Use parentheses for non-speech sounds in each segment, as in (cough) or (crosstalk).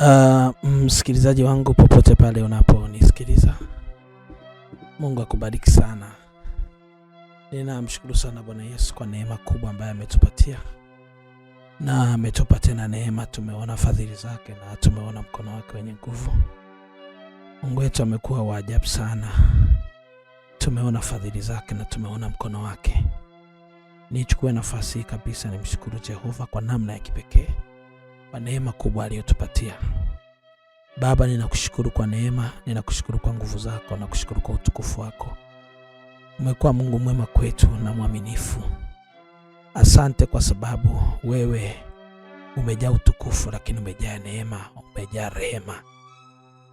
Uh, mm, msikilizaji wangu popote pale unaponisikiliza, Mungu akubariki sana. Ninamshukuru sana Bwana Yesu kwa neema kubwa ambayo ametupatia na ametupa tena neema. Tumeona fadhili zake na tumeona mkono wake wenye nguvu. Mungu wetu amekuwa wa ajabu sana, tumeona fadhili zake na tumeona mkono wake. Nichukue nafasi hii kabisa nimshukuru Jehova kwa namna ya kipekee kwa neema kubwa aliyotupatia. Baba, ninakushukuru kwa neema, ninakushukuru kwa nguvu zako, nakushukuru kwa utukufu wako. Umekuwa Mungu mwema kwetu na mwaminifu. Asante kwa sababu wewe umejaa utukufu, lakini umejaa neema, umejaa rehema.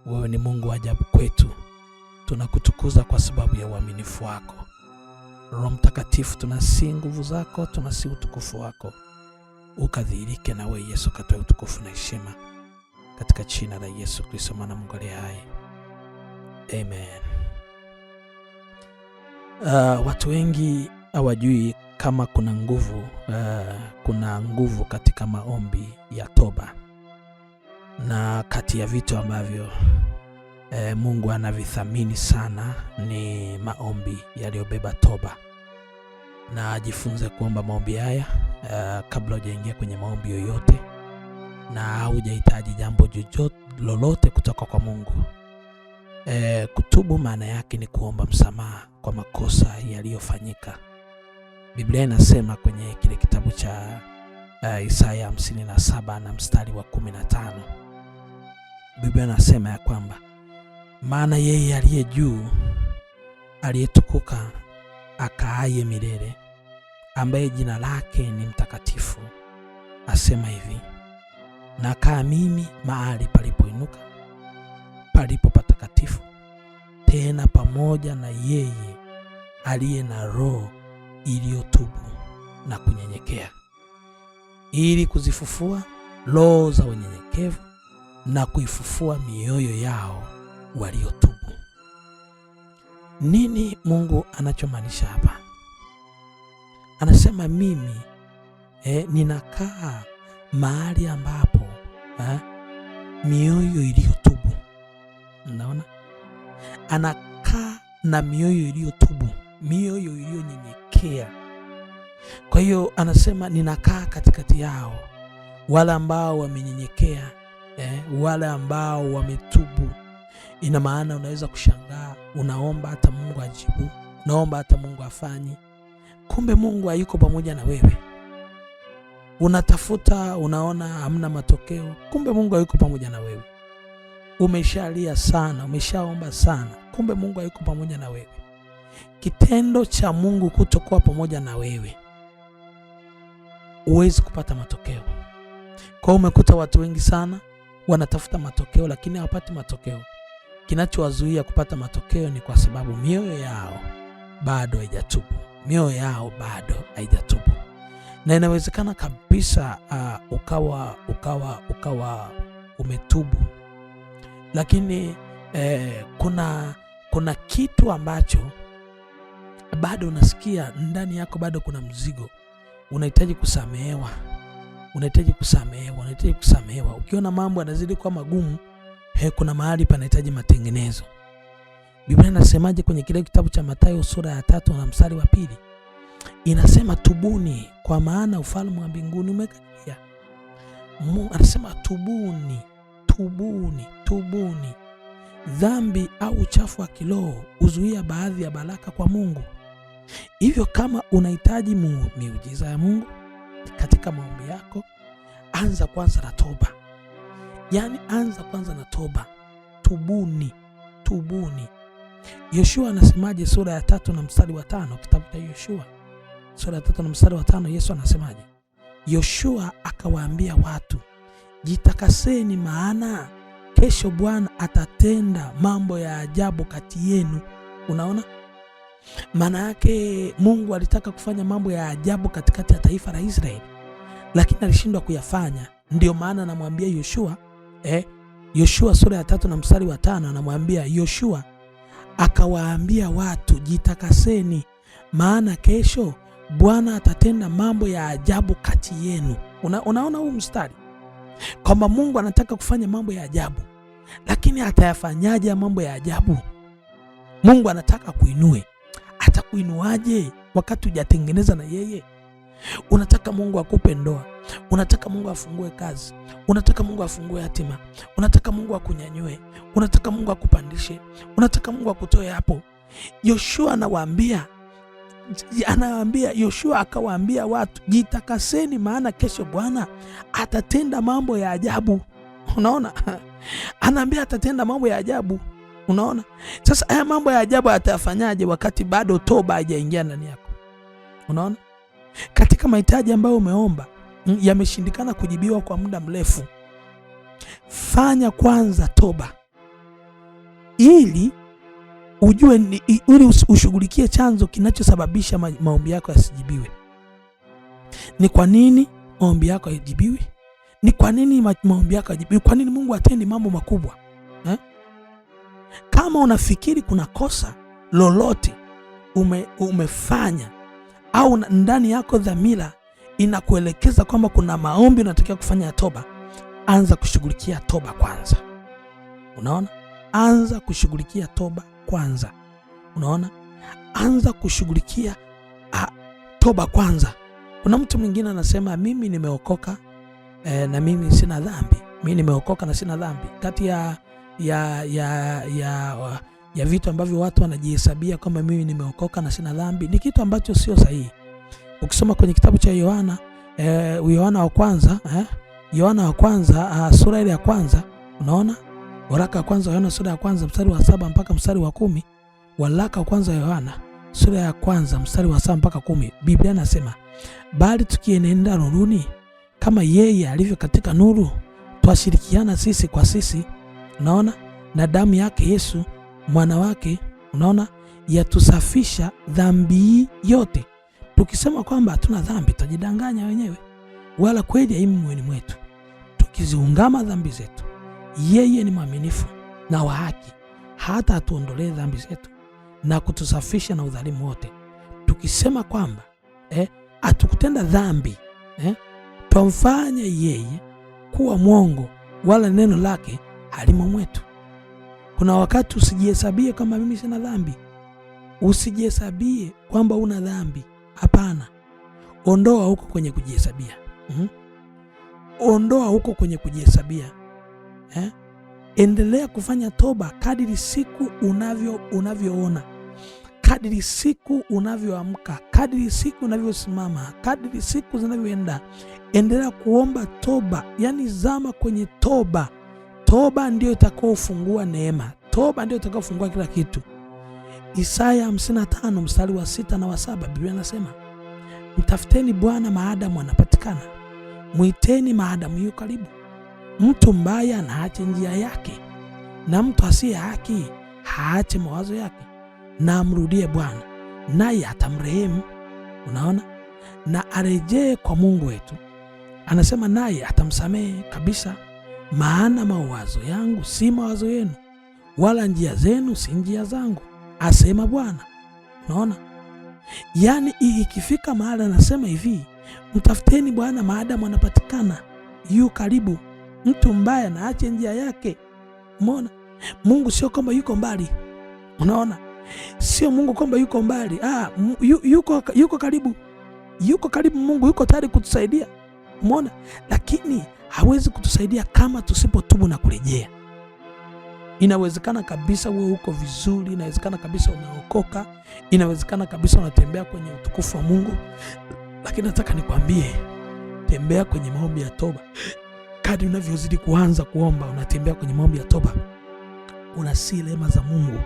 Wewe ni Mungu wa ajabu kwetu, tunakutukuza kwa sababu ya uaminifu wako. Roho Mtakatifu, tunasii nguvu zako, tunasii utukufu wako ukadhihirike, nawe Yesu katoe utukufu na heshima katika jina la Yesu Kristo mwana Mungu aliye hai Amen. Uh, watu wengi hawajui kama kuna nguvu uh, kuna nguvu katika maombi ya toba, na kati ya vitu ambavyo uh, Mungu anavithamini sana ni maombi yaliyobeba toba na ajifunze kuomba maombi haya uh, kabla hujaingia kwenye maombi yoyote na hujahitaji jambo jojote lolote kutoka kwa Mungu. E, kutubu maana yake ni kuomba msamaha kwa makosa yaliyofanyika. Biblia inasema kwenye kile kitabu cha uh, Isaya 57 na mstari wa 15, Biblia inasema ya kwamba maana yeye aliye juu aliyetukuka akaaye milele, ambaye jina lake ni mtakatifu, asema hivi: nakaa mimi mahali palipoinuka, palipo patakatifu, tena pamoja na yeye aliye na roho iliyotubu na kunyenyekea, ili kuzifufua roho za unyenyekevu na kuifufua mioyo yao waliotubu. Nini Mungu anachomaanisha hapa? Anasema mimi eh, ninakaa mahali ambapo eh, mioyo iliyotubu. Unaona, anakaa na mioyo iliyotubu, mioyo iliyonyenyekea. Kwa hiyo anasema ninakaa katikati yao, wale ambao wamenyenyekea, eh, wale ambao wametubu. Ina maana unaweza kushangaa unaomba hata Mungu ajibu, unaomba hata Mungu afanye, kumbe Mungu hayuko pamoja na wewe. Unatafuta, unaona hamna matokeo, kumbe Mungu hayuko pamoja na wewe. Umeshalia sana, umeshaomba sana, kumbe Mungu hayuko pamoja na wewe. Kitendo cha Mungu kutokuwa pamoja na wewe, huwezi kupata matokeo. Kwa umekuta watu wengi sana wanatafuta matokeo, lakini hawapati matokeo. Kinachowazuia kupata matokeo ni kwa sababu mioyo yao bado haijatubu, mioyo yao bado haijatubu, na inawezekana kabisa uh, ukawa ukawa ukawa umetubu, lakini eh, kuna kuna kitu ambacho bado unasikia ndani yako, bado kuna mzigo unahitaji kusamehewa, unahitaji kusamehewa, unahitaji kusamehewa. Ukiona mambo yanazidi kuwa magumu he, eh, kuna mahali panahitaji matengenezo. Biblia inasemaje kwenye kile kitabu cha Mathayo sura ya tatu na mstari wa pili? Inasema tubuni, kwa maana ufalme wa mbinguni umekaribia. Anasema tubuni, tubuni, tubuni. Dhambi au uchafu wa kiroho huzuia baadhi ya baraka kwa Mungu. Hivyo kama unahitaji miujiza ya Mungu katika maombi yako, anza kwanza na toba. Yaani anza kwanza na toba, tubuni, tubuni. Yoshua anasemaje sura ya tatu na mstari wa tano kitabu cha Yoshua sura ya tatu na mstari wa tano Yesu anasemaje? Yoshua akawaambia watu, jitakaseni, maana kesho Bwana atatenda mambo ya ajabu kati yenu. Unaona, maana yake Mungu alitaka kufanya mambo ya ajabu katikati ya taifa la Israeli, lakini alishindwa kuyafanya. ndio maana anamwambia Yoshua eh, Yoshua sura ya tatu na mstari wa tano anamwambia Yoshua, akawaambia watu jitakaseni, maana kesho Bwana atatenda mambo ya ajabu kati yenu. Una, unaona huu mstari kwamba Mungu anataka kufanya mambo ya ajabu, lakini atayafanyaje mambo ya ajabu? Mungu anataka kuinue, atakuinuaje wakati hujatengeneza na yeye? Unataka Mungu akupe ndoa, unataka Mungu afungue kazi, unataka Mungu afungue hatima, unataka Mungu akunyanyue, unataka Mungu akupandishe, unataka Mungu akutoe hapo. Yoshua anawaambia anawaambia Yoshua akawaambia watu, jitakaseni, maana kesho Bwana atatenda mambo ya ajabu. Unaona, (laughs) anaambia atatenda mambo ya ajabu. Unaona, sasa haya mambo ya ajabu atayafanyaje wakati bado toba haijaingia ndani yako? Unaona, katika mahitaji ambayo umeomba mm, yameshindikana kujibiwa kwa muda mrefu, fanya kwanza toba ili ujue, ili ushughulikie chanzo kinachosababisha maombi yako yasijibiwe. Ni kwa nini maombi yako hayajibiwi? Ni kwa nini maombi yako hayajibiwi? Kwa nini Mungu atendi mambo makubwa eh? Kama unafikiri kuna kosa lolote ume, umefanya au ndani yako dhamira inakuelekeza kwamba kuna maombi unatakiwa kufanya ya toba, anza kushughulikia toba kwanza. Unaona, anza kushughulikia toba kwanza. Unaona, anza kushughulikia toba kwanza. Kuna mtu mwingine anasema mimi nimeokoka e, na mimi sina dhambi, mimi nimeokoka na sina dhambi. Kati ya ya ya, ya ya vitu ambavyo watu wanajihesabia kwamba mimi nimeokoka na sina dhambi ni kitu ambacho sio sahihi. Ukisoma kwenye kitabu cha Yohana eh, Yohana wa kwanza eh, Yohana wa kwanza uh, sura ile ya kwanza, unaona waraka wa kwanza Yohana sura ya kwanza mstari wa saba mpaka mstari wa kumi waraka wa kwanza Yohana sura ya kwanza mstari wa saba mpaka kumi Biblia inasema bali tukienenda nuruni kama yeye alivyo katika nuru, twashirikiana sisi kwa sisi, unaona na damu yake Yesu mwana wake. Unaona, yatusafisha dhambi yote. Tukisema kwamba hatuna dhambi, tutajidanganya wenyewe, wala kweli haimo moyoni mwetu. Tukiziungama dhambi zetu, yeye ni mwaminifu na wa haki, hata atuondolee dhambi zetu na kutusafisha na udhalimu wote. Tukisema kwamba eh, dhambi eh, twamfanya yeye kuwa mwongo, wala neno lake halimo mwetu. Kuna wakati usijihesabie kama mimi sina dhambi, usijihesabie kwamba una dhambi. Hapana, ondoa huko kwenye kujihesabia mm-hmm. Ondoa huko kwenye kujihesabia eh? Endelea kufanya toba kadiri siku unavyo unavyoona, kadiri siku unavyoamka, kadiri siku unavyosimama, kadiri siku zinavyoenda, endelea kuomba toba, yani zama kwenye toba Toba ndio itakaofungua neema, toba ndio itakaofungua kila kitu. Isaya 55 mstari wa sita na wa saba Biblia anasema mtafuteni Bwana maadamu anapatikana, mwiteni maadamu yu karibu. Mtu mbaya anaache njia yake, na mtu asiye haki haache mawazo yake, na amrudie Bwana naye atamrehemu. Unaona, na arejee kwa Mungu wetu, anasema naye atamsamehe kabisa maana mawazo yangu si mawazo yenu, wala njia zenu si njia zangu, asema Bwana. Unaona, yaani ikifika mahali anasema hivi, mtafuteni Bwana maadamu anapatikana, yu karibu. Mtu mbaya na ache njia yake. Umeona, Mungu sio kwamba yuko mbali. Unaona, sio Mungu kwamba yuko mbali. Ah, yuko, yuko karibu, yuko karibu Mungu, yuko tayari kutusaidia. Umeona, lakini hawezi kutusaidia kama tusipotubu na kurejea. Inawezekana kabisa wewe uko vizuri, inawezekana kabisa umeokoka, inawezekana kabisa unatembea kwenye utukufu wa Mungu, lakini nataka nikwambie, tembea kwenye maombi ya toba. Kadri unavyozidi kuanza kuomba, unatembea kwenye maombi ya toba, unasii rehema za Mungu,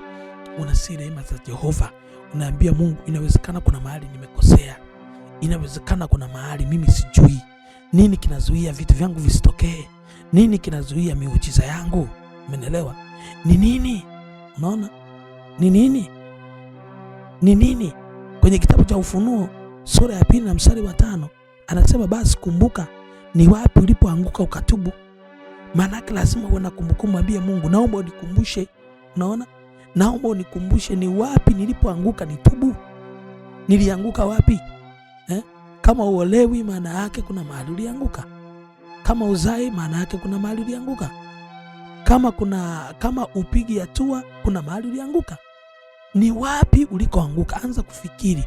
unasii rehema za Jehova. Unaambia Mungu, inawezekana kuna mahali nimekosea, inawezekana kuna mahali mimi sijui nini kinazuia vitu vyangu visitokee? Nini kinazuia miujiza yangu? Umeelewa? Ni nini? Unaona ni nini? Ni nini? Kwenye kitabu cha Ufunuo sura ya pili na mstari wa tano anasema basi, kumbuka ni wapi ulipoanguka ukatubu. Maanake lazima uwe na kumbukumbu, mwambie Mungu, naomba unikumbushe. Unaona, naomba unikumbushe ni wapi nilipoanguka nitubu, nilianguka wapi eh? Kama uolewi, maana yake kuna mahali ulianguka. Kama uzai, maana yake kuna mahali ulianguka. Kama kuna kama upigi hatua, kuna mahali ulianguka. Ni wapi ulikoanguka? Anza kufikiri.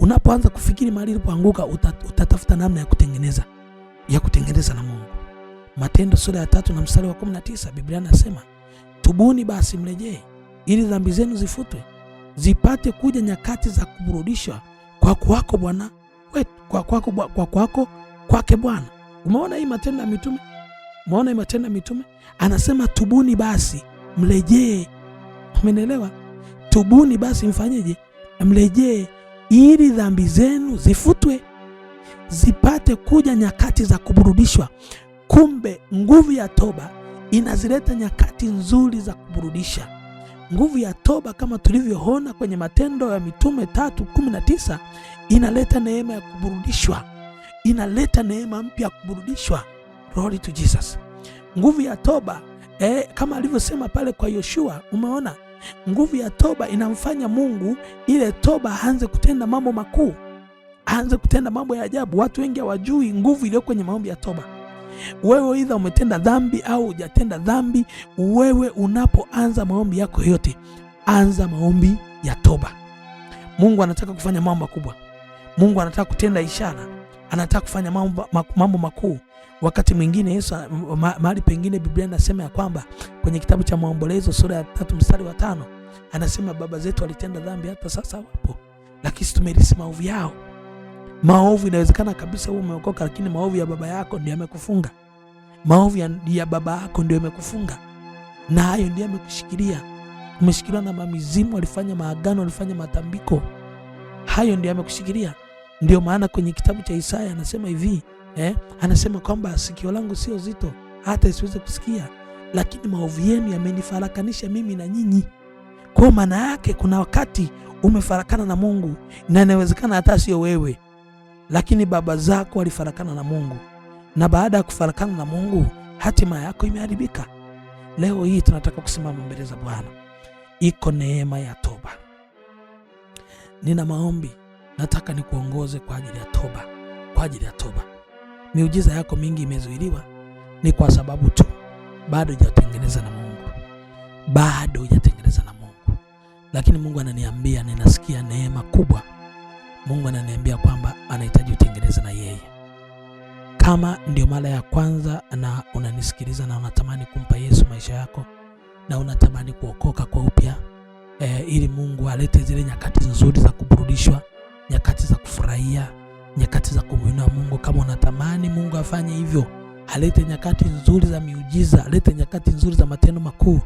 Unapoanza kufikiri mahali ulipoanguka, utatafuta namna ya kutengeneza ya kutengeneza na Mungu. Matendo sura ya tatu na mstari wa 19, Biblia inasema tubuni basi mrejee, ili dhambi zenu zifutwe, zipate kuja nyakati za kuburudishwa kwa kuwako Bwana kwa kwako kwa kwako kwake Bwana. Umeona hii matendo ya mitume? Umeona hii matendo ya mitume? Anasema tubuni basi mlejee. Umenelewa? Tubuni basi mfanyeje? Mlejee ili dhambi zenu zifutwe, zipate kuja nyakati za kuburudishwa. Kumbe nguvu ya toba inazileta nyakati nzuri za kuburudisha. Nguvu ya toba kama tulivyoona kwenye Matendo ya Mitume tatu kumi na tisa inaleta neema ya kuburudishwa, inaleta neema mpya ya kuburudishwa. Glory to Jesus. Nguvu ya toba eh, kama alivyosema pale kwa Yoshua, umeona nguvu ya toba inamfanya Mungu ile toba aanze kutenda mambo makuu, aanze kutenda mambo ya ajabu. Watu wengi hawajui nguvu iliyo kwenye maombi ya toba. Wewe idha umetenda dhambi au hujatenda dhambi, wewe unapoanza maombi yako yote, anza maombi ya toba. Mungu anataka kufanya mambo makubwa. Mungu anataka kutenda ishara, anataka kufanya mambo, makuu. Wakati mwingine Yesu mahali pengine Biblia inasema ya kwamba kwenye kitabu cha Maombolezo sura ya tatu mstari wa tano anasema baba zetu walitenda dhambi hata sasa wapo, lakini tumelisi maovu yao Maovu inawezekana kabisa wewe umeokoka, lakini maovu ya baba yako ndio yamekufunga. Maovu ya, ya baba yako ndio yamekufunga, na hayo ndio yamekushikilia. Umeshikiliwa na mamizimu, walifanya maagano, walifanya matambiko, hayo ndio yamekushikilia. Ndio maana kwenye kitabu cha Isaya anasema hivi eh, anasema kwamba sikio langu sio zito hata isiweze kusikia, lakini maovu yenu yamenifarakanisha mimi na nyinyi. Kwa maana yake kuna wakati umefarakana na Mungu, na inawezekana hata sio wewe lakini baba zako walifarakana na Mungu, na baada ya kufarakana na Mungu hatima yako imeharibika. Leo hii tunataka kusimama mbele za Bwana, iko neema ya toba. Nina maombi, nataka nikuongoze kwa ajili ya toba, kwa ajili ya toba. Miujiza yako mingi imezuiliwa, ni kwa sababu tu bado hujatengeneza na Mungu, bado hujatengeneza na Mungu, lakini Mungu ananiambia, ninasikia neema kubwa Mungu ananiambia kwamba anahitaji utengeneze na yeye. Kama ndio mara ya kwanza na unanisikiliza na unatamani kumpa Yesu maisha yako na unatamani kuokoka kwa upya e, ili Mungu alete zile nyakati nzuri za kuburudishwa, nyakati za kufurahia, nyakati za kumuinua Mungu. Kama unatamani Mungu afanye hivyo, alete nyakati nzuri za miujiza, alete nyakati nzuri za matendo makuu,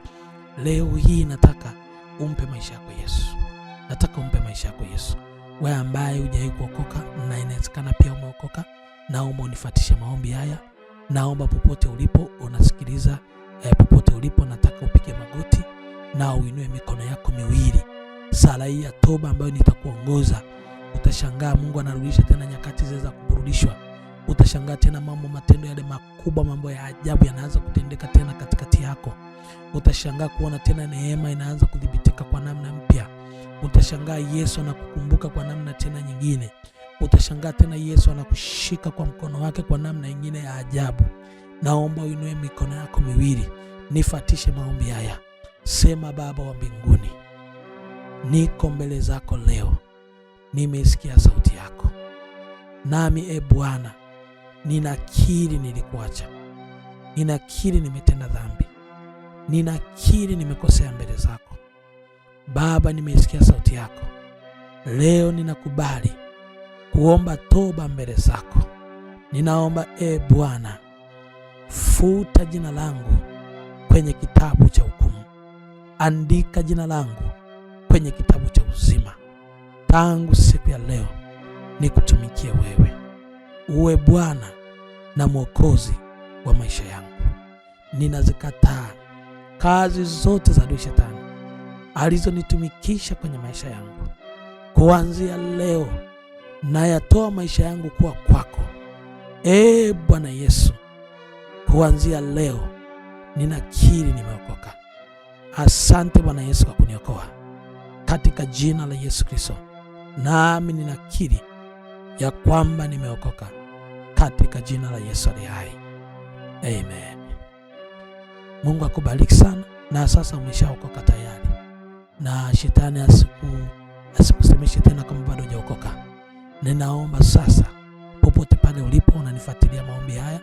leo hii nataka umpe maisha yako Yesu, nataka umpe maisha yako Yesu we ambaye hujawahi kuokoka na inawezekana pia umeokoka, naomba unifuatishe maombi haya. Naomba popote ulipo unasikiliza, eh, popote ulipo nataka upige magoti na uinue mikono yako miwili. Sala hii ya toba ambayo nitakuongoza, utashangaa Mungu anarudisha tena nyakati zile za kuburudishwa. Utashangaa tena mambo, matendo yale makubwa, mambo ya ajabu yanaanza kutendeka tena katikati yako. Utashangaa kuona tena neema inaanza kudhibitika kwa namna mpya. Utashangaa Yesu anakukumbuka kwa namna tena nyingine. Utashangaa tena Yesu anakushika kwa mkono wake kwa namna nyingine ya ajabu. Naomba uinue mikono yako miwili, nifatishe maombi haya. Sema: Baba wa mbinguni, niko mbele zako leo, nimeisikia sauti yako, nami e Bwana, ninakiri nilikuacha, ninakiri nimetenda dhambi, ninakiri nimekosea mbele zako Baba, nimeisikia sauti yako leo, ninakubali kuomba toba mbele zako. Ninaomba e Bwana, futa jina langu kwenye kitabu cha hukumu, andika jina langu kwenye kitabu cha uzima. Tangu siku ya leo nikutumikie wewe, uwe Bwana na Mwokozi wa maisha yangu. Ninazikataa kazi zote za adui shetani alizonitumikisha kwenye maisha yangu. Kuanzia leo nayatoa maisha yangu kuwa kwako, ee Bwana Yesu. Kuanzia leo ninakiri nimeokoka. Asante Bwana Yesu kwa kuniokoa, katika jina la Yesu Kristo. Nami ninakiri ya kwamba nimeokoka katika jina la Yesu aliye hai, amen. Mungu akubariki sana, na sasa umeshaokoka tayari na shetani asiku asikusemeshe tena kama bado hujaokoka. Ninaomba sasa, popote pale ulipo unanifuatilia maombi haya,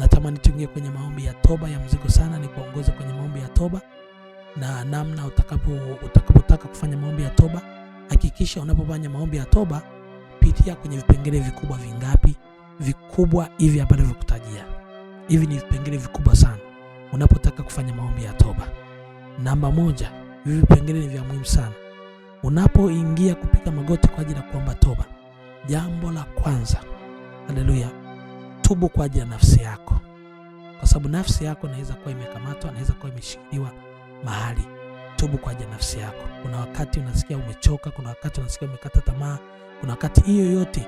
natamani tuingie kwenye maombi ya toba ya mzigo sana, nikuongoze kwenye maombi ya toba na namna utakapo utakapotaka kufanya maombi ya toba. Hakikisha unapofanya maombi ya toba, pitia kwenye vipengele vikubwa vingapi? Vikubwa hivi hapa nilivyokutajia, hivi ni vipengele vikubwa sana unapotaka kufanya maombi ya toba. Namba moja Hivi vipengele ni vya muhimu sana. Unapoingia kupiga magoti kwa ajili ya kuomba toba, jambo la kwanza, haleluya, tubu kwa ajili ya nafsi yako, kwa sababu nafsi yako inaweza kuwa imekamatwa, inaweza kuwa imeshikiliwa mahali. Tubu kwa ajili ya nafsi yako. Kuna wakati unasikia umechoka, kuna wakati unasikia umekata tamaa, kuna wakati hiyo yote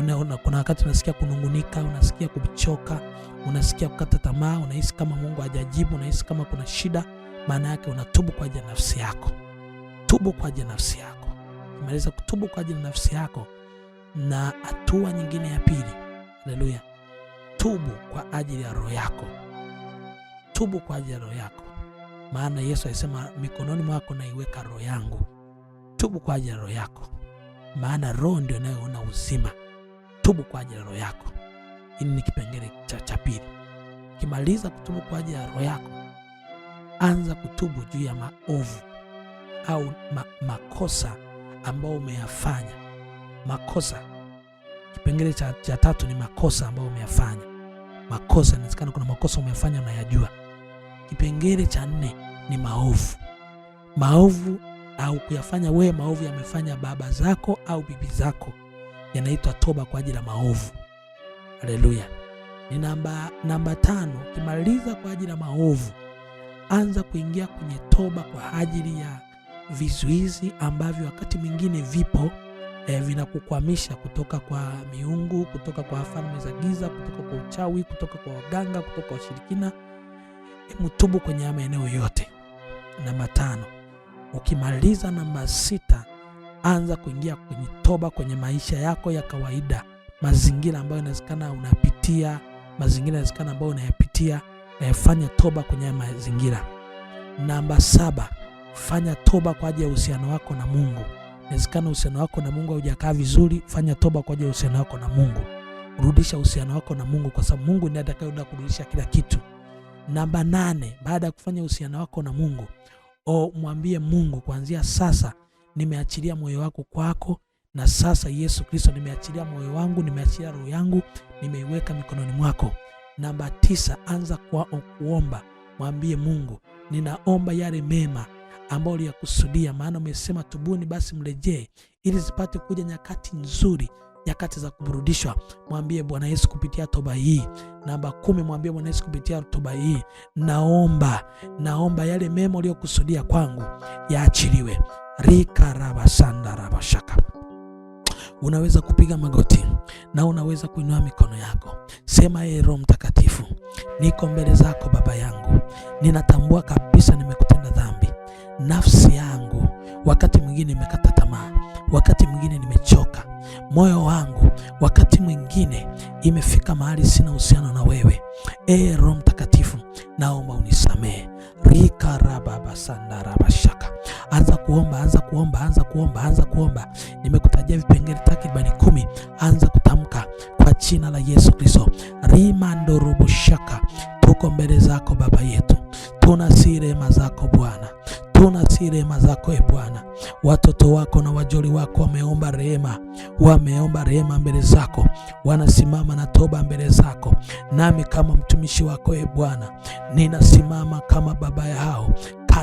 una, una, kuna wakati unasikia kunungunika, unasikia kuchoka, unasikia kukata tamaa, unahisi kama Mungu hajajibu, unahisi kama kuna shida maana yake unatubu kwa ajili ya nafsi yako. Tubu kwa ajili ya nafsi yako. Maliza kutubu kwa ajili ya nafsi yako, na hatua nyingine ya pili, haleluya, tubu kwa ajili ya roho yako. Tubu kwa ajili ya roho yako, maana Yesu alisema mikononi mwako naiweka roho yangu. Tubu kwa ajili ya roho yako, maana roho ndio inayoona uzima. Tubu kwa ajili ya roho yako. Hili ni kipengele cha pili. Kimaliza kutubu kwa ajili ya roho yako anza kutubu juu ya maovu au ma makosa ambayo umeyafanya. Makosa, kipengele cha, cha tatu ni makosa ambayo umeyafanya. Makosa, inawezekana kuna makosa umeyafanya unayajua. Kipengele cha nne ni maovu, maovu au kuyafanya wewe, maovu yamefanya baba zako au bibi zako, yanaitwa toba kwa ajili ya maovu. Haleluya! Ni namba namba tano, ukimaliza kwa ajili ya maovu anza kuingia kwenye toba kwa ajili ya vizuizi ambavyo wakati mwingine vipo eh, vinakukwamisha kutoka kwa miungu, kutoka kwa falme za giza, kutoka kwa uchawi, kutoka kwa waganga, kutoka kwa washirikina. Mtubu kwenye maeneo yote. Namba tano, ukimaliza namba sita, anza kuingia kwenye toba kwenye maisha yako ya kawaida, mazingira ambayo inawezekana unapitia, mazingira inawezekana ambayo unayapitia eh, fanya toba kwenye haya mazingira. Namba saba, fanya toba kwa ajili ya uhusiano wako na Mungu. Inawezekana uhusiano wako na Mungu haujakaa vizuri, fanya toba kwa ajili ya uhusiano wako na Mungu. Rudisha uhusiano wako na Mungu kwa sababu Mungu ndiye atakayeenda kurudisha kila kitu. Namba nane, baada ya kufanya uhusiano wako na Mungu, o mwambie Mungu, kuanzia sasa nimeachilia moyo wako kwako, na sasa Yesu Kristo, nimeachilia moyo wangu, nimeachilia roho yangu, nimeiweka mikononi mwako. Namba tisa, anza kwa kuomba, mwambie Mungu, ninaomba yale mema ambayo uliyakusudia, maana umesema tubuni basi mrejee, ili zipate kuja nyakati nzuri nyakati za kuburudishwa. Mwambie Bwana Yesu kupitia toba hii. Namba kumi, mwambie Bwana Yesu kupitia toba hii, naomba naomba yale mema uliyokusudia kwangu yaachiliwe. rikarabasanda rabashaka Unaweza kupiga magoti na unaweza kuinua mikono yako. Sema, ee Roho Mtakatifu, niko mbele zako Baba yangu, ninatambua kabisa nimekutenda dhambi. Nafsi yangu wakati mwingine imekata tamaa, wakati mwingine nimechoka, moyo wangu wakati mwingine imefika mahali sina uhusiano na wewe. Ee Roho Mtakatifu, naomba unisamehe shaka. Anza kuomba, anza kuomba, anza kuomba, anza kuomba. Nimekutajia vipengele takribani kumi. Anza kutamka kwa jina la Yesu Kristo. shaka. tuko mbele zako Baba yetu, tuna siri zako Bwana Tuna si rehema zako e Bwana, watoto wako na wajoli wako wameomba rehema, wameomba rehema mbele zako, wanasimama na toba mbele zako. Nami kama mtumishi wako e Bwana, ninasimama kama baba yao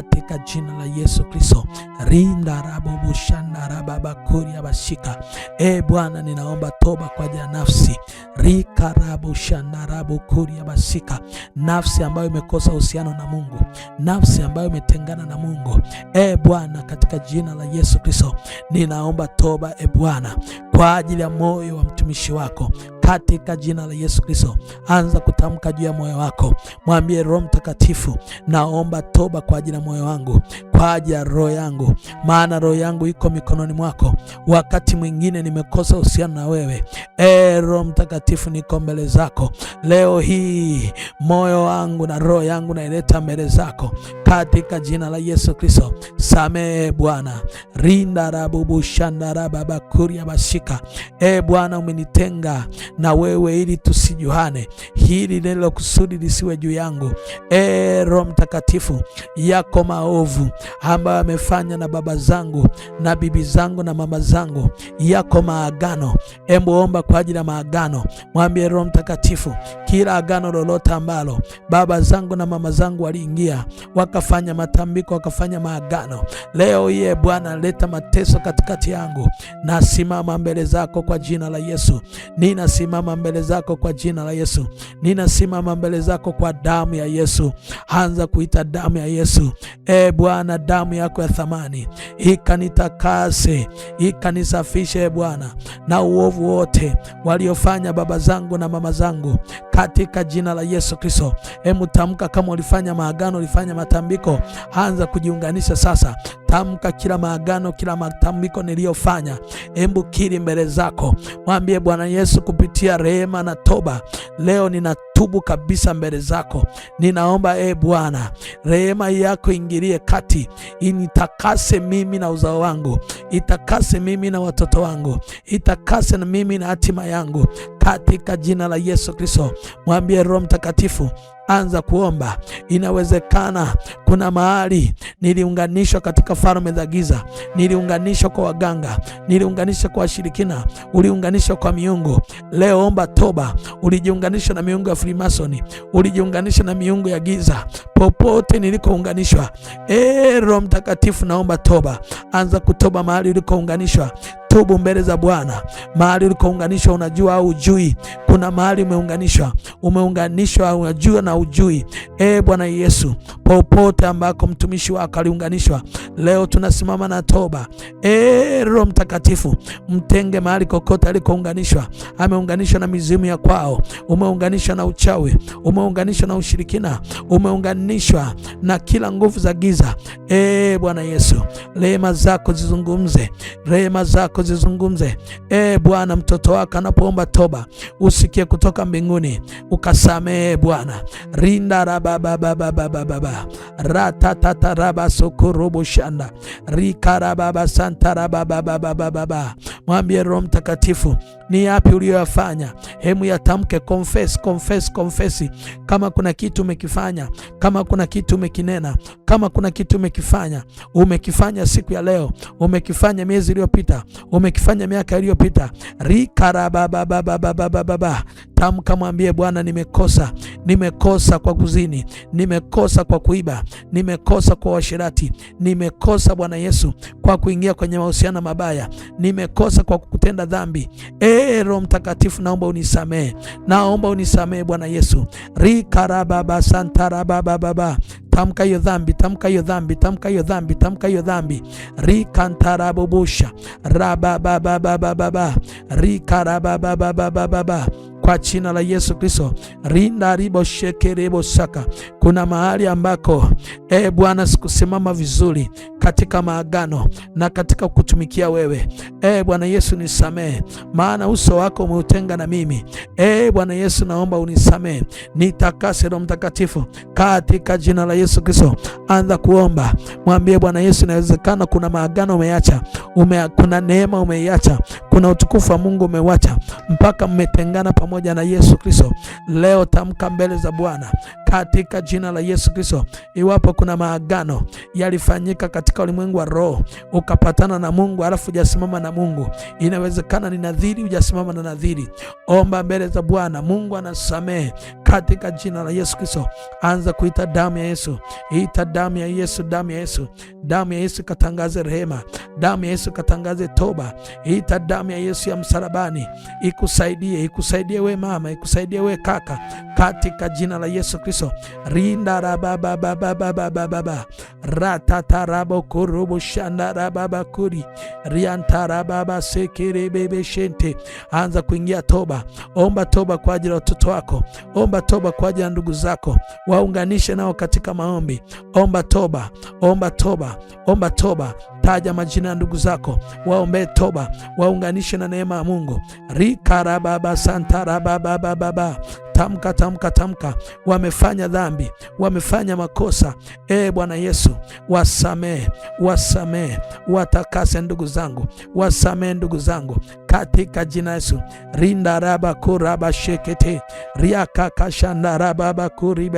katika jina la Yesu Kristo. rinda rabobushanda rababakuri abashika. E Bwana, ninaomba toba kwa ajili ya nafsi rika rabushanda rabukuri abashika, nafsi ambayo imekosa uhusiano na Mungu, nafsi ambayo imetengana na Mungu. E Bwana, katika jina la Yesu Kristo ninaomba toba, e Bwana, kwa ajili ya moyo wa mtumishi wako katika jina la Yesu Kristo. Anza kutamka juu ya moyo wako, mwambie Roho Mtakatifu, naomba toba kwa ajili ya moyo wangu, kwa ajili ya roho yangu, maana roho yangu iko mikononi mwako. Wakati mwingine nimekosa uhusiano na wewe. E Roho Mtakatifu, niko mbele zako leo hii, moyo wangu na roho yangu naileta mbele zako katika jina la Yesu Kristo. Samehe Bwana, rinda rabubu shandara kuria bashika. E Bwana, umenitenga na wewe, ili tusijuhane, hili neno kusudi lisiwe juu yangu. E Roho Mtakatifu, yako maovu ambayo amefanya na baba zangu na bibi zangu na mama zangu, yako maagano. Embu omba kwa ajili ya maagano, mwambie Roho Mtakatifu, kila agano lolote ambalo baba zangu na mama zangu waliingia wakafanya matambiko wakafanya maagano, leo iye Bwana leta mateso katikati yangu, nasimama mbele zako kwa jina la Yesu, nina ninasimama mbele zako kwa jina la Yesu, ninasimama mbele zako kwa damu ya Yesu. Anza kuita damu ya Yesu. E Bwana, damu yako ya thamani ikanitakase, ikanisafishe e Bwana, na uovu wote waliofanya baba zangu na mama zangu katika jina la Yesu Kristo. Hebu tamka kama ulifanya maagano, ulifanya matambiko, anza kujiunganisha sasa. Tamka kila maagano, kila matambiko niliyofanya, hebu kiri mbele zako, mwambie Bwana Yesu, kupitia rehema na toba leo nina ninatubu kabisa mbele zako. Ninaomba e Bwana, rehema yako ingilie kati, initakase mimi na uzao wangu, itakase mimi na watoto wangu, itakase na mimi na hatima yangu, katika jina la Yesu Kristo. Mwambie Roho Mtakatifu anza kuomba. Inawezekana kuna mahali niliunganishwa katika falme za giza, niliunganishwa kwa waganga, niliunganishwa kwa washirikina, uliunganishwa kwa miungu. Leo omba toba. Ulijiunganisha na miungu ya Freemason, ulijiunganisha na miungu ya giza. Popote nilikounganishwa, ee Roho Mtakatifu, naomba toba. Anza kutoba mahali ulikounganishwa tubu mbele za Bwana. Mahali ulikounganishwa unajua au ujui? Kuna mahali umeunganishwa, umeunganishwa unajua na ujui. E Bwana Yesu, popote ambako mtumishi wako aliunganishwa leo, tunasimama na toba. E Roho Mtakatifu, mtenge mahali kokote alikounganishwa. Ameunganishwa na mizimu ya kwao, umeunganishwa na uchawi, umeunganishwa na ushirikina, umeunganishwa na kila nguvu za giza. E Bwana Yesu, rehema zako zizungumze, rehema zako zako zizungumze. E Bwana, mtoto wako anapoomba toba usikie kutoka mbinguni ukasamehe Bwana. rinda rababababababa ratatatara sokurubushanda rikarababasantarababbababa mwambie Roho Mtakatifu ni yapi uliyoyafanya. Hemu yatamke, confess, confess, confess. Kama kuna kitu umekifanya, kama kuna kitu umekinena, kama kuna kitu umekifanya, umekifanya siku ya leo, umekifanya miezi iliyopita, umekifanya miaka iliyopita. rikarabababababababa Tamka, mwambie Bwana, nimekosa, nimekosa kwa kuzini, nimekosa kwa kuiba, nimekosa kwa washirati, nimekosa Bwana Yesu kwa kuingia kwenye mahusiano mabaya, nimekosa kwa kutenda dhambi. E Roho Mtakatifu, naomba unisamehe, naomba unisamehe Bwana Yesu. rikarababa santarabababa Tamka hiyo dhambi, tamka hiyo dhambi, tamka hiyo dhambi, tamka hiyo dhambi. rikantarabobosha rababababababa rikarabababababa kwa jina la Yesu Kristo rinda ribo sheke ribo saka. Kuna mahali ambako e Bwana sikusimama vizuri katika maagano na katika kutumikia wewe e Bwana Yesu, nisamehe, maana uso wako umeutenga na mimi. E Bwana Yesu, naomba unisamehe, nitakase Roho Mtakatifu katika jina la Yesu Kristo. Anza kuomba, mwambie Bwana Yesu, inawezekana kuna maagano umeacha ume, kuna neema umeiacha, kuna utukufu wa Mungu umeuacha, mpaka mmetengana pamoja pamoja na Yesu Kristo. Leo tamka mbele za Bwana katika jina la Yesu Kristo. Iwapo kuna maagano yalifanyika katika ulimwengu wa roho, ukapatana na Mungu alafu hujasimama na Mungu, inawezekana ni nadhiri, hujasimama na nadhiri, omba mbele za Bwana. Mungu anasamehe katika jina la Yesu Kristo. Anza kuita damu ya Yesu, ita damu ya Yesu, damu ya Yesu, damu ya Yesu katangaze rehema, damu ya Yesu katangaze toba, ita damu ya Yesu ya msalabani ikusaidie, ikusaidie we mama, ikusaidie we kaka, katika jina la Yesu Kristo. rinda rabababababababa ratatarabokurubushandarababakuri riantarababasekerebebeshente. Anza kuingia toba, omba toba kwa ajili ya watoto wako, omba Omba toba kwa ajili ya ndugu zako, waunganishe nao katika maombi. Omba toba, omba toba, omba toba. Taja majina ya ndugu zako, waombee toba, waunganishe na neema ya Mungu. rikarababa santarababababa tamka, tamka, tamka, wamefanya dhambi, wamefanya makosa. E Bwana Yesu, wasamehe, wasamehe, watakase ndugu zangu, wasamehe ndugu zangu katika jina Yesu. rinda raba kuraba shekete riaka kashanda rababa bakuri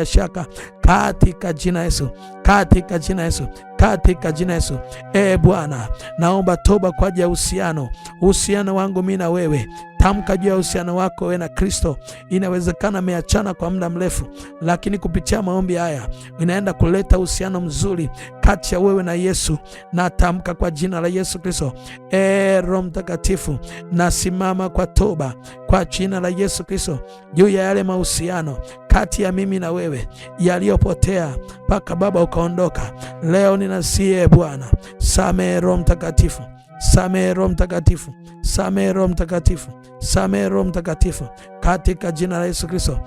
katika jina Yesu, katika jina Yesu, katika jina Yesu. E Bwana, naomba toba kwa ajili ya uhusiano, uhusiano wangu mimi na wewe Tamka juu ya uhusiano wako wewe na Kristo. Inawezekana ameachana kwa muda mrefu, lakini kupitia maombi haya inaenda kuleta uhusiano mzuri kati ya wewe na Yesu. Na tamka kwa jina la Yesu Kristo, e Roho Mtakatifu, nasimama kwa toba kwa jina la Yesu Kristo juu ya yale mahusiano kati ya mimi na wewe yaliyopotea mpaka Baba ukaondoka. Leo ninasie Bwana, samehe Roho Mtakatifu, samehe Roho Mtakatifu, samehe Roho Mtakatifu Samehe Roho Mtakatifu katika jina la Yesu Kristo,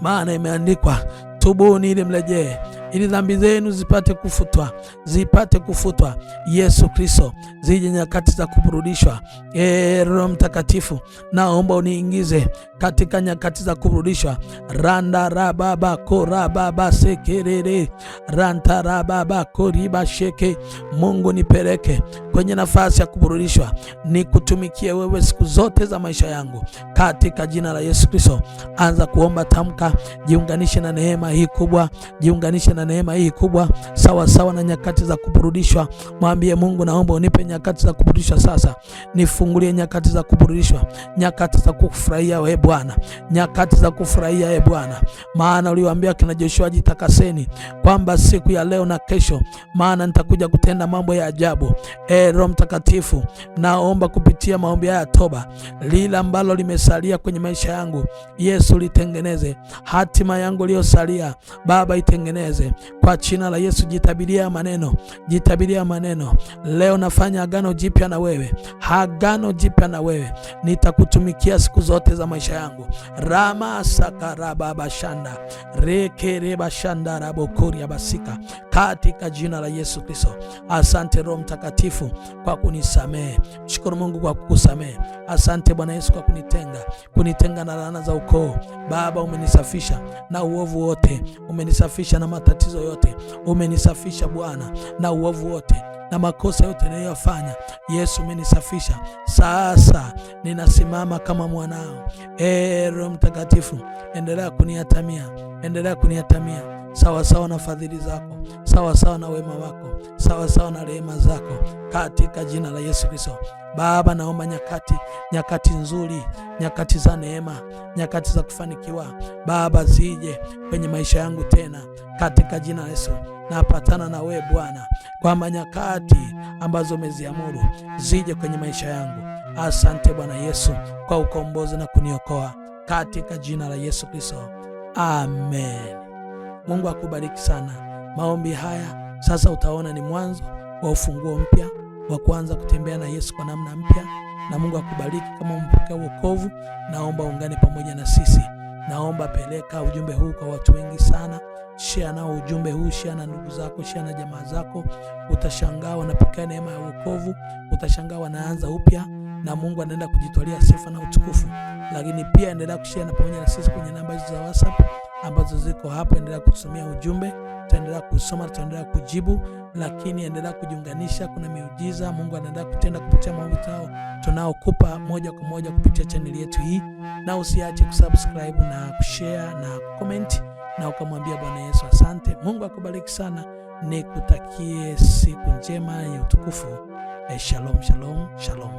maana imeandikwa, tubuni ili mrejee ili dhambi zenu zipate kufutwa, zipate kufutwa. Yesu Kristo, zije nyakati za kuburudishwa. E, Roho Mtakatifu, naomba uniingize katika nyakati za kuburudishwa. randa rababa korababa sekerere ranta rababa koriba sheke. Mungu nipeleke kwenye nafasi ya kuburudishwa, nikutumikie wewe siku zote za maisha yangu, katika jina la Yesu Kristo. Anza kuomba, tamka, jiunganishe na neema hii kubwa, jiunganishe na neema hii kubwa, sawa sawa na nyakati za kuburudishwa. Mwambie Mungu, naomba unipe nyakati za kuburudishwa sasa, nifungulie nyakati za kuburudishwa, nyakati za kufurahia wewe Bwana, nyakati za kufurahia wewe Bwana, maana uliwaambia kina Joshua, jitakaseni kwamba siku ya leo na kesho, maana nitakuja kutenda mambo ya ajabu. E Roho Mtakatifu, naomba kupitia maombi haya toba, lile ambalo limesalia kwenye maisha yangu Yesu, litengeneze hatima yangu iliyosalia Baba, itengeneze yote kwa jina la Yesu. Jitabilia maneno, jitabiria maneno. Leo nafanya agano jipya na wewe, agano jipya na wewe, nitakutumikia siku zote za maisha yangu. rama rekere rekerebashanda rabokori abasika, katika jina la Yesu Kristo. Asante Roho Mtakatifu kwa kunisamehe. Mshukuru Mungu kwa kukusamehe. Asante Bwana Yesu kwa kunitenga, kunitenga na laana za ukoo. Baba, umenisafisha na uovu wote, umenisafisha na mata matatizo yote, umenisafisha Bwana na uovu wote na makosa yote niliyoyafanya. Yesu umenisafisha, sasa ninasimama kama mwanao. E Roho Mtakatifu, endelea kuniatamia, endelea kuniatamia sawa sawa na fadhili zako, sawa sawa na wema wako, sawa sawa na rehema zako, katika jina la Yesu Kristo. Baba, naomba nyakati, nyakati nzuri, nyakati za neema, nyakati za kufanikiwa, Baba, zije kwenye maisha yangu tena, katika jina la Yesu. Napatana na wewe Bwana, kwamba nyakati ambazo umeziamuru zije kwenye maisha yangu. Asante Bwana Yesu kwa ukombozi na kuniokoa katika jina la Yesu Kristo, amen. Mungu akubariki sana. Maombi haya sasa utaona ni mwanzo wa ufunguo mpya wa kuanza kutembea na Yesu kwa namna mpya, na Mungu akubariki. Kama umepokea wokovu, naomba ungane pamoja na sisi. Naomba peleka ujumbe huu kwa watu wengi sana, share nao ujumbe huu, share na ndugu zako, share na jamaa zako. Utashangaa wanapokea neema ya wokovu, utashangaa wanaanza upya na Mungu anaenda kujitolea sifa na utukufu. Lakini pia endelea kushare na pamoja na sisi kwenye namba hizo za WhatsApp ambazo ziko hapo. Endelea kutusomea ujumbe, tutaendelea kusoma, tutaendelea kujibu, lakini endelea kujiunganisha. Kuna miujiza Mungu anaendelea kutenda kupitia maombi yao tunaokupa moja kwa moja kupitia chaneli yetu hii, na usiache kusubscribe na kushare na comment na ukamwambia Bwana Yesu asante. Mungu akubariki sana, nikutakie siku njema ya utukufu. Eh, shalom shalom shalom.